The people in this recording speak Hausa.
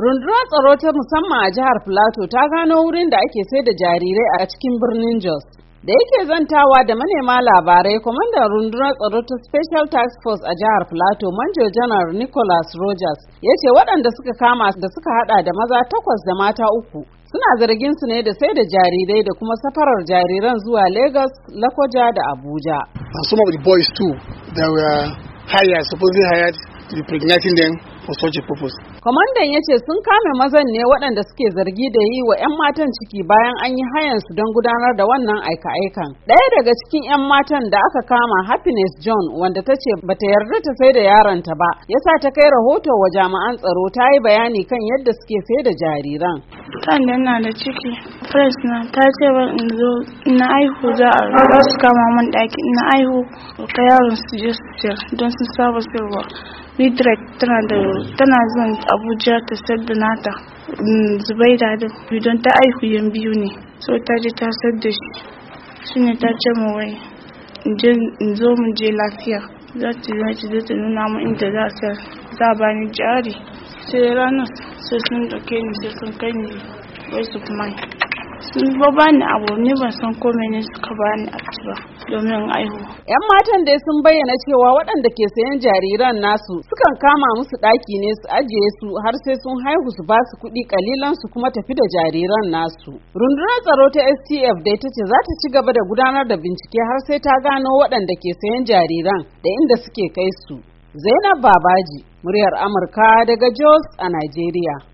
Rundunar tsaro ta musamman a jihar Filato ta gano wurin da ake sai da jarirai a cikin birnin Jos. Da yake zantawa da manema labarai, kwamandan rundunar tsaro ta Special Task Force a jihar Filato, Manjo Janar Nicholas Rogers, ya ce waɗanda suka kama da suka hada da maza takwas da mata uku suna zargin su ne da sai da jarirai da kuma safarar jariran zuwa Lagos, Lakoja da Abuja. some of the boys too, they were hired, supposedly hired them for such a purpose. Kwamandan ya ce sun kame mazan ne waɗanda suke zargi da yi wa 'yan matan ciki bayan an yi hayansu don gudanar da wannan aika-aikan. Ɗaya daga cikin 'yan matan da aka kama Happiness John wanda ta ce ba ta yarda ta sai da yaronta ba, ya sa ta kai rahoto wa jami'an tsaro ta yi bayani kan yadda suke sai da jariran. Kan na da ciki, Fres na ta ce ba in zo na aihu za a su kama mun ɗaki na aihu ka yaron su je don sun saba sirwa. midret tana da tana zan abuja ta sadda nata mm, zubaida da don ta aihu yan biyu ne so ta je ta sadda shi shine ta ce mu in zo mu je lafiya za ta yi za ta nuna mu inda za a za a bani jari sai ranar sai sun ni sai sun kai ni wai su kuma sun ba ni abu ne ban san komai ne suka bani a ci ba domin aihu. 'Yan matan dai sun bayyana cewa waɗanda ke sayan jariran nasu sukan kama musu ɗaki ne su ajiye su har sai sun haihu su basu kuɗi kalilan su kuma tafi da jariran nasu. Rundunar tsaro ta STF dai ta ce za ta ci gaba da gudanar da bincike har sai ta gano waɗanda ke sayan jariran da inda suke kai su. Zainab Babaji, muryar Amurka daga Jos a Najeriya.